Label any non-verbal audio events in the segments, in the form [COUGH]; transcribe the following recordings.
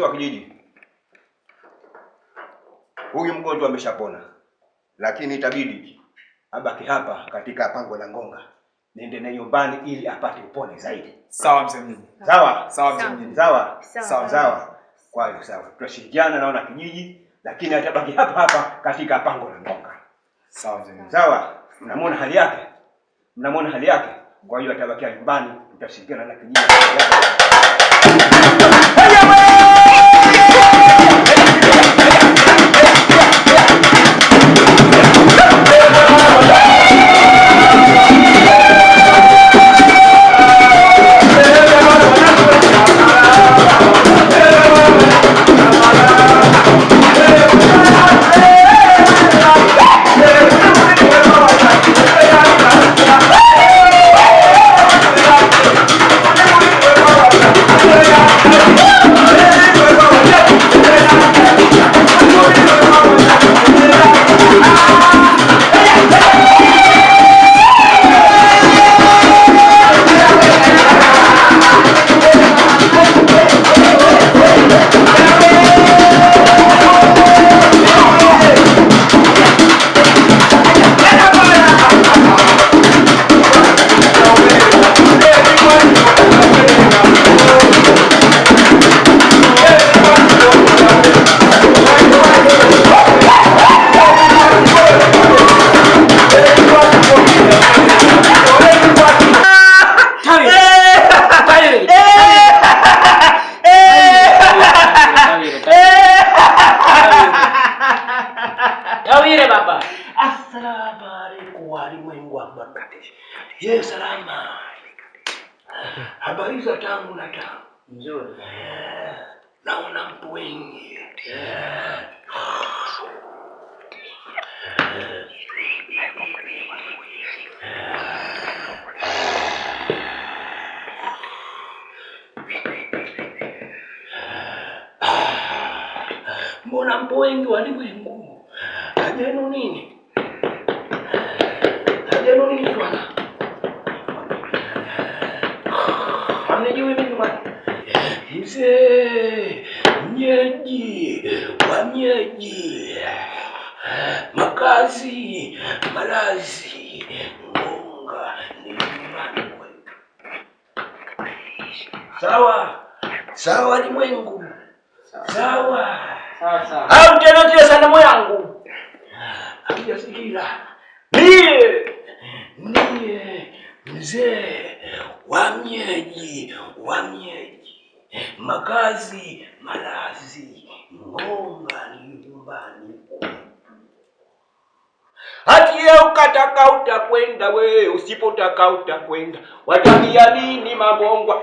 Wazee wa kijiji, huyu mgonjwa ameshapona, lakini itabidi abaki hapa katika pango la Ngonga, niende na nyumbani ili apate upone zaidi. Sawa mzee mjini. Sawa sawa mzee mjini. Sawa sawa sawa. Kwa hiyo sawa, tutashirikiana naona kijiji, lakini atabaki hapa hapa katika pango la Ngonga. Sawa mzee mjini. Sawa, mnamuona hali yake, mnamuona hali yake kwa hiyo atabakia nyumbani, tutashirikiana na kijiji. naona mtu wengi mbona mtu wengi walimwengu ajenu nini sawa sawa walimwengu sawa au tena tia sanamu yangu akijasikila mie mie mzee wa mieji wa mieji makazi malazi ngoma ni nyumbani Hatiye ukataka utakwenda, we usipotaka utakwenda. Watambia nini mabongwa?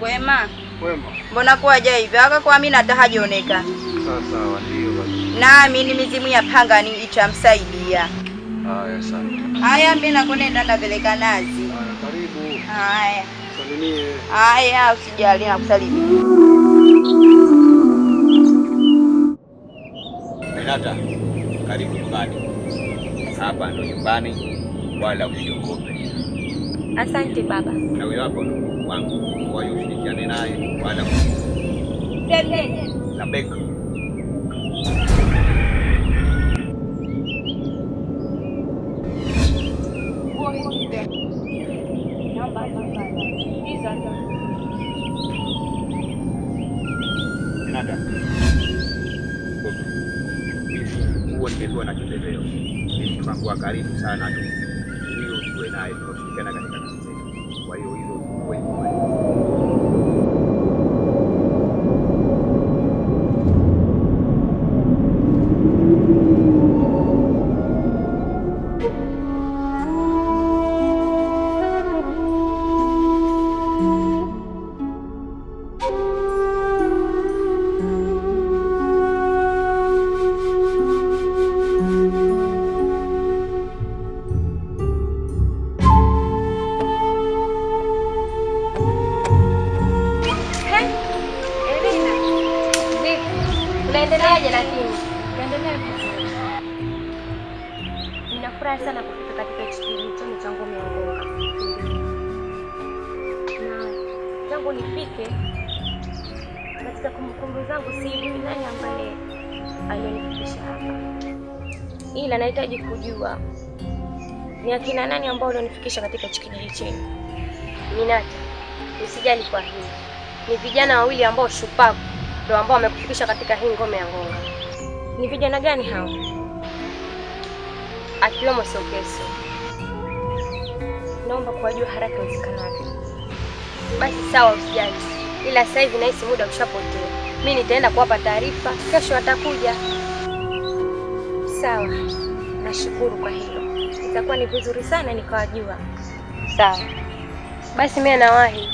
Kwema. Kwema. Mbona kwa hivyo? aka kwa mimi hata hajioneka. Sawa sawa ndio basi. Na mimi ni mizimu ya panga ni itamsaidia. Haya sana. Haya mimi na kwenda nakonenda ndapeleka nazi. Haya karibu. Haya. Salimie. Haya usijali na nakusalimia. Benata, karibu nyumbani. Hapa ndo nyumbani wala usiogope. Asante baba. Na huyo hapo wangu naye wala Labeka. Huo nimekuwa na kiteteo, mtu wangu wa karibu sana Nimefurahi sana kufika katika kijiji chenu cha Ngome ya Ngoga, na tangu nifike katika kumbukumbu zangu sijui nani ambaye alionifikisha hapa, ila nahitaji kujua ni akina nani ambao walionifikisha katika kijiji chenu. Ninata, usijali kwa hili, ni vijana wawili ambao shupavu ndio ambao wamekufikisha katika hii Ngome ya Ngoga. Ni vijana gani hao? akiwemo Sokeso. Naomba kuwajua haraka iwezekanavyo. Basi sawa, usijali, ila sasa hivi nahisi muda ushapotea. Mimi nitaenda kuwapa taarifa, kesho watakuja. Sawa, nashukuru kwa hilo. Itakuwa ni vizuri sana nikawajua. Sawa, basi mimi nawahi.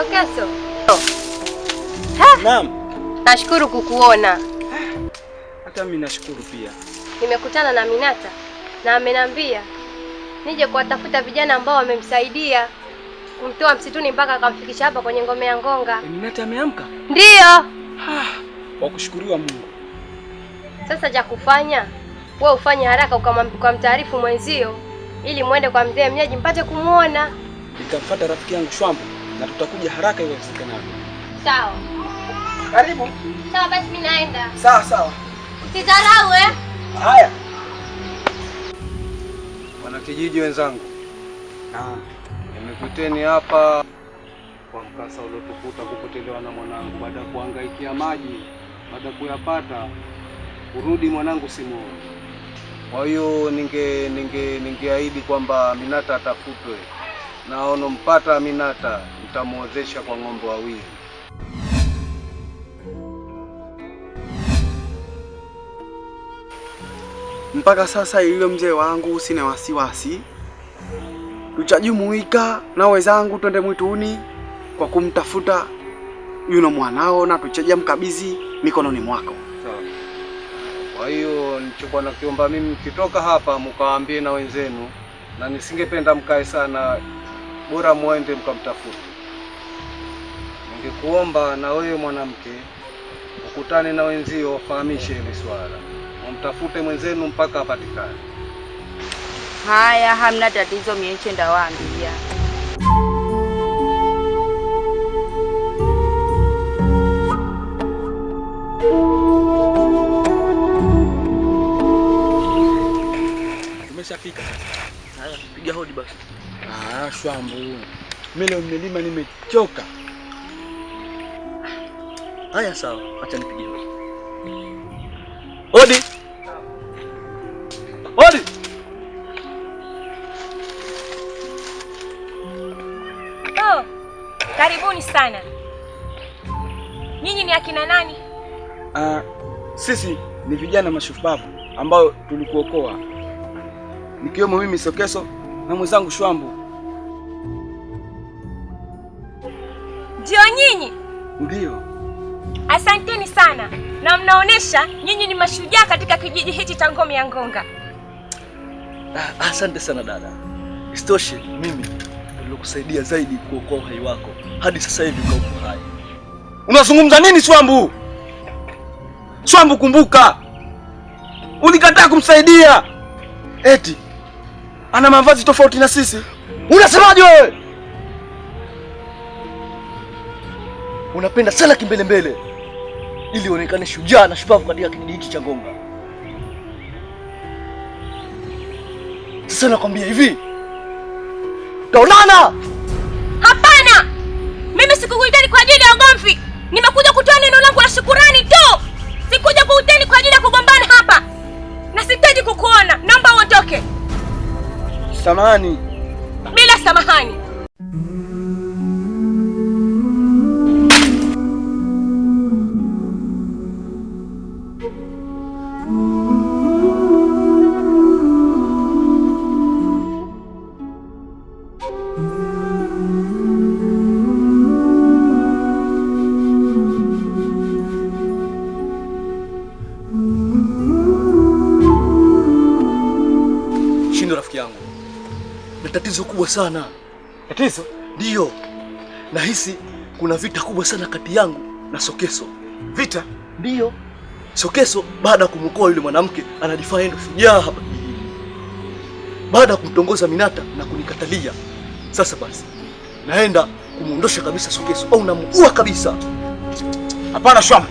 Sokeso. Naam. Nashukuru kukuona. Hata mimi nashukuru pia. Nimekutana na Minata na ameniambia nije kuwatafuta vijana ambao wamemsaidia kumtoa msituni mpaka akamfikisha hapa kwenye ngome ya Ngonga. Eh, Minata ameamka? Ndiyo. Wakushukuriwa Mungu. Sasa cha kufanya wewe ufanye haraka ukamtaarifu mwenzio ili mwende kwa mzee mnyaji mpate kumwona. Nitamfuata rafiki yangu Shwambo na tutakuja haraka iwezekanavyo. Sawa. Karibu. Sawa basi mimi naenda. Sawa sawa. Usidharau eh? Haya. Wanakijiji wenzangu, ah. nimekuteni hapa kwa mkasa uliotukuta kupotelewa na mwanangu. Baada ya kuhangaikia maji, baada ya kuyapata, kurudi mwanangu simuoni. Kwa hiyo ninge ninge ningeahidi kwamba Aminata atafutwe, naonompata Aminata tutamwozesha kwa ng'ombe wawili. Mpaka sasa iliyo mzee wangu, usine wasiwasi. Tuchajumuika na wezangu twende mwituni kwa kumtafuta yuno mwanao na tuchaja mkabizi mikononi mwako. Kwa hiyo na kiomba mimi, mkitoka hapa mkawaambie na wenzenu, na nisingependa mkae sana, bora muende mkamtafute nikikuomba na wewe mwanamke ukutane na wenzio, wafahamishe hili swala, mtafute mwenzenu mpaka apatikane. Haya, hamna tatizo, mieche ndawaambia. Tumeshafika sasa. Haya, piga hodi basi. Ah, shwambu. Mimi leo nimelima nimechoka. Haya, sawa, acha nipige hodi. Odi, Hodi. Oh, karibuni sana. Nyinyi ni akina nani? Uh, sisi ni vijana mashupavu ambao tulikuokoa, nikiwemo mimi Sokeso na mwenzangu Shwambu. Ndio nyinyi? Ndio na mnaonesha nyinyi ni mashujaa katika kijiji hichi cha Ngome ya Ngonga. Ah, asante sana dada. Isitoshe mimi nilikusaidia zaidi kuokoa uhai wako, hadi sasa hivi uko hai. Unazungumza nini Swambu? Swambu, kumbuka ulikataa kumsaidia, eti ana mavazi tofauti na sisi. Unasemaje wewe? Unapenda sana kimbelembele ili ionekane shujaa na shupavu katika kijiji hiki cha Ngonga. Sasa nakwambia hivi, taonana. Hapana, mimi sikukuiteni kwa ajili ya ugomvi. Nimekuja kutoa neno langu la shukurani tu, sikuja kuuteni kwa ajili ya kugombana hapa, na sitaji kukuona. Naomba uondoke. Samahani. Bila samahani. kubwa sana. Tatizo Ndio. nahisi kuna vita kubwa sana kati yangu na Sokeso. Vita ndio Sokeso baada ya kumwokoa yule mwanamke anajifanya ndo shujaa hapa kijijini, baada ya kumtongoza Minata na kunikatalia. Sasa basi naenda kumwondosha kabisa Sokeso au namuua kabisa. Hapana Shwam,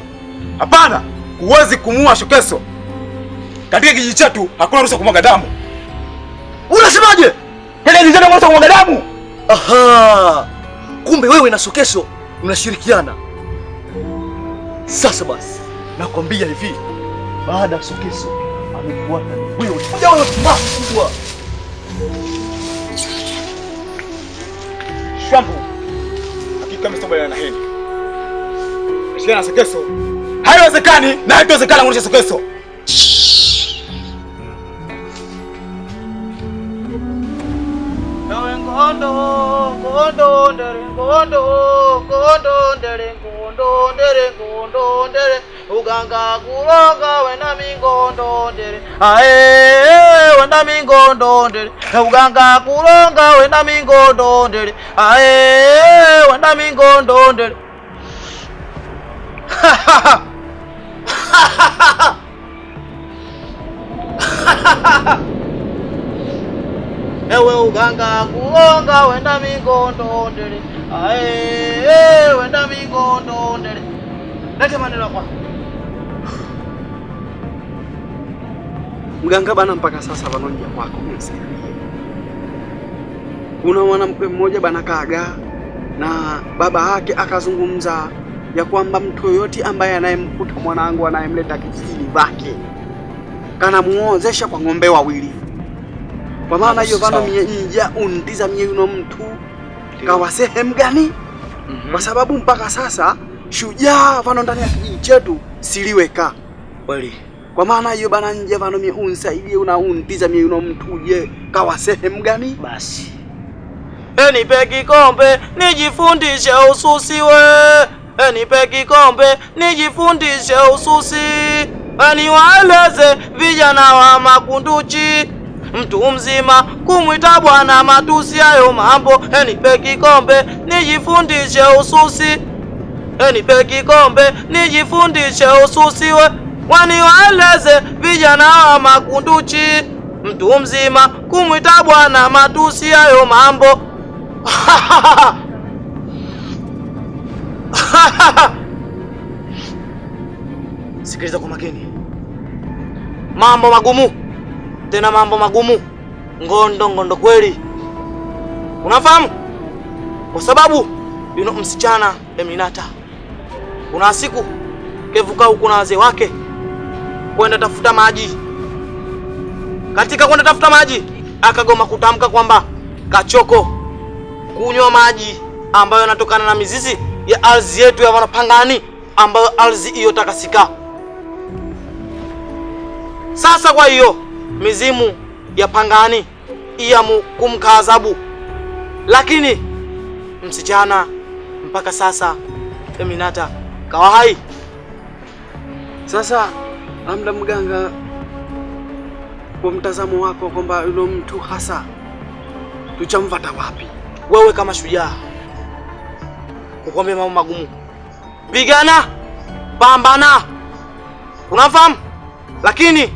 hapana, huwezi kumuua Sokeso. Katika kijiji chetu hakuna ruhusa kumwaga damu. Unasemaje? Televisheni mwanzo kumwaga damu. Aha. Kumbe wewe na Sokeso mnashirikiana. Sasa basi nakwambia hivi, baada ya Sokesho amekuwa na wewe jawa makubwa. Shwambu. Hakika msombana na hili. Shikana Sokesho. Haiwezekani na haitowezekana Sokeso. Shhh. ngondo ngondo ndere ngondo ndere ngondo ndere uganga kulonga wena mingondo ndere ae wena mingondo ndere uganga kulonga wena mingondo ndere ae wena mingondo ndere [LAUGHS] ewe uganga kulonga wenda mingondo ndere wenda migondo ndele. Lete maneno kwa. Mganga bana, mpaka sasa wanonja kwako msaidie. Kuna mwanamke mmoja bana kaga na baba yake akazungumza ya kwamba mtu yoyote ambaye anayemkuta mwanangu anayemleta kijijini vake kana muozesha kwa ng'ombe wawili. Kwa maana hiyo vano mie nja undiza mie yuno mtu kawa sehemu gani? mm -hmm. Kwa sababu mpaka sasa shujaa vano ndani ya kijiji chetu siliweka kweli. Kwa maana hiyo bana, nje vano mie una unauntiza mie uno mtuje kawa sehemu gani? Basi enipe kikombe nijifundishe ususi we, enipe kikombe nijifundishe ususi, aniwaeleze e, vijana wa Makunduchi mtu mzima kumwita bwana matusi, hayo mambo. Nipe kikombe nijifundishe ususi, nipe kikombe nijifundishe ususi, we waniwaeleze vijana wa makunduchi, mtu mzima kumwita bwana matusi, hayo mambo. [LAUGHS] Sikiliza kwa makini, mambo magumu tena mambo magumu, ngondo ngondo kweli, unafahamu? Kwa sababu yuno msichana eminata eh, kuna siku kevuka huko na wazee wake kwenda tafuta maji. Katika kwenda tafuta maji, akagoma kutamka kwamba kachoko kunywa maji ambayo yanatokana na mizizi ya ardhi yetu ya Wanapangani, ambayo ardhi hiyo takasika. Sasa kwa hiyo mizimu ya pangani iyamu kumkaazabu, lakini msichana mpaka sasa Feminata kawa hai. Sasa amda mganga, kwa mtazamo wako kwamba yule mtu hasa tuchamvata wapi? Wewe kama shujaa kukwambia mambo magumu, pigana, pambana, unafahamu lakini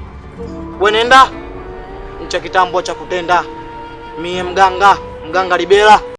wenenda ncha kitambwa cha kutenda, mie mganga mganga libela